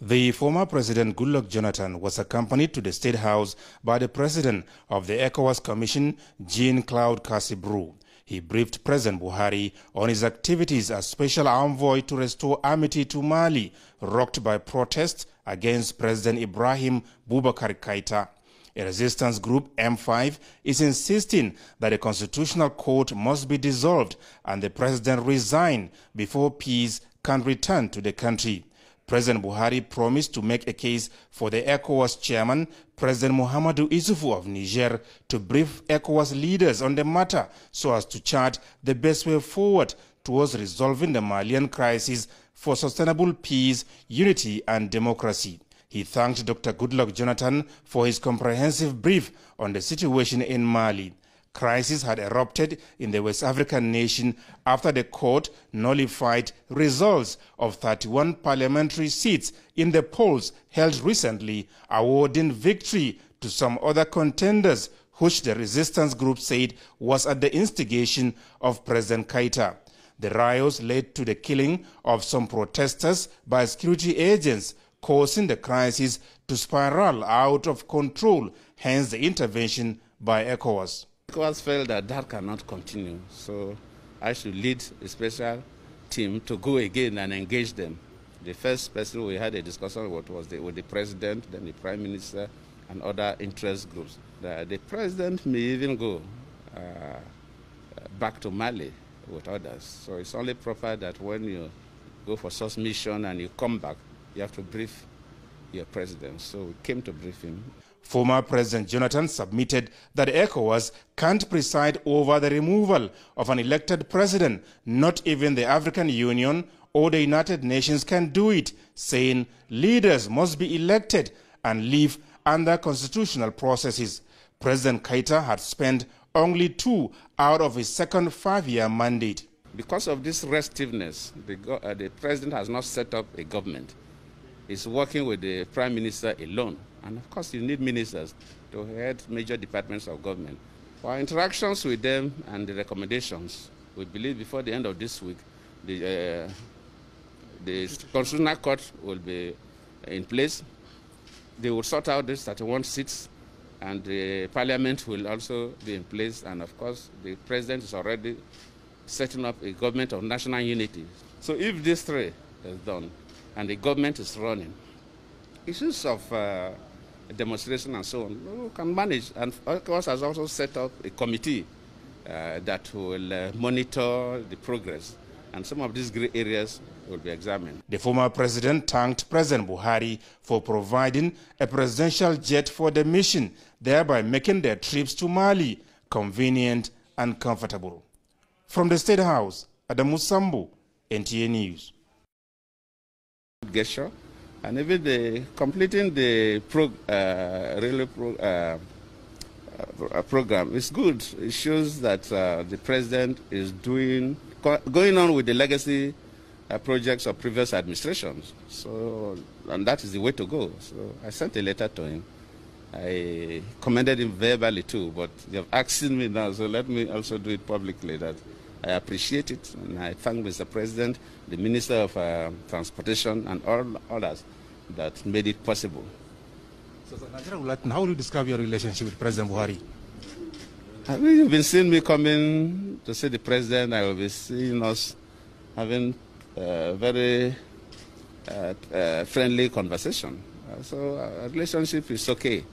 The former President Goodluck Jonathan was accompanied to the State House by the President of the ECOWAS Commission, Jean-Claude Cassibru. He briefed President Buhari on his activities as special envoy to restore amity to Mali, rocked by protests against President Ibrahim Boubacar Keita. A resistance group, M5, is insisting that the constitutional court must be dissolved and the president resign before peace can return to the country. President Buhari promised to make a case for the ECOWAS chairman, President Muhammadu Isufu of Niger, to brief ECOWAS leaders on the matter so as to chart the best way forward towards resolving the Malian crisis for sustainable peace, unity, and democracy. He thanked Dr. Goodluck Jonathan for his comprehensive brief on the situation in Mali crisis had erupted in the West African nation after the court nullified results of 31 parliamentary seats in the polls held recently, awarding victory to some other contenders, which the resistance group said was at the instigation of President Kaita. The riots led to the killing of some protesters by security agents, causing the crisis to spiral out of control, hence the intervention by ECOWAS. ECOWAS felt that that cannot continue, so I should lead a special team to go again and engage them. The first person we had a discussion with was the, with the president, then the prime minister, and other interest groups. The, the president may even go uh, back to Mali with others. So it's only proper that when you go for such mission and you come back, you have to brief your president. So we came to brief him. Former President Jonathan submitted that ECOWAS can't preside over the removal of an elected president. Not even the African Union or the United Nations can do it, saying leaders must be elected and live under constitutional processes. President Kaita had spent only two out of his second five-year mandate. Because of this restiveness, the, uh, the president has not set up a government. He's working with the prime minister alone. And of course, you need ministers to head major departments of government. our interactions with them and the recommendations, we believe before the end of this week, the, uh, the Constitutional Court will be in place. They will sort out these 31 seats, and the Parliament will also be in place. And of course, the President is already setting up a government of national unity. So if this three is done, and the government is running, issues of uh, demonstration and so on, we can manage. And of course has also set up a committee uh, that will uh, monitor the progress. And some of these gray areas will be examined. The former president thanked President Buhari for providing a presidential jet for the mission, thereby making their trips to Mali convenient and comfortable. From the State House, Adamu Sambu, NTA News. Gesture and even the completing the uh, pro, uh, railway pro, uh, program is good. It shows that uh, the president is doing going on with the legacy uh, projects of previous administrations. So, and that is the way to go. So, I sent a letter to him. I commended him verbally too, but they have asked me now, so let me also do it publicly that I appreciate it and I thank Mr. President, the Minister of uh, Transportation and all others that made it possible. So, so Nigeria would like how do you describe your relationship with President Buhari? I mean, you've been seeing me coming to see the President. I will be seeing us having a uh, very uh, uh, friendly conversation. Uh, so our uh, relationship is okay.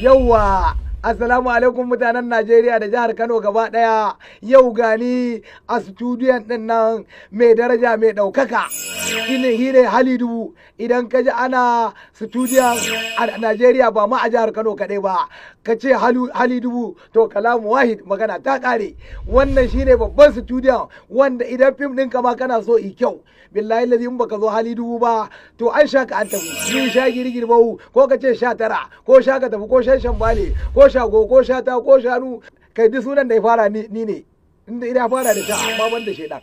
yauwa Assalamu alaikum mutanen Najeriya da jihar Kano gaba ɗaya yau gani a studiyon ɗin nan mai daraja mai ɗaukaka. hire hali dubu idan ka ji ana studio a Najeriya ba ma a jihar Kano kaɗai ba ka ce hali dubu to kalamu wahid magana ta ƙare wannan shine babban studio wanda idan fim ɗinka ma kana so i kyau billahi lazi in baka zo hali dubu ba to an sha ka an tafi ni sha girgir bau ko ka ce sha tara ko sha ka tafi ko shan shambale ko shago ko sha ta ko shanu kai duk sunan da ya fara ni ne inda ina fara da ta amma ban da shaidan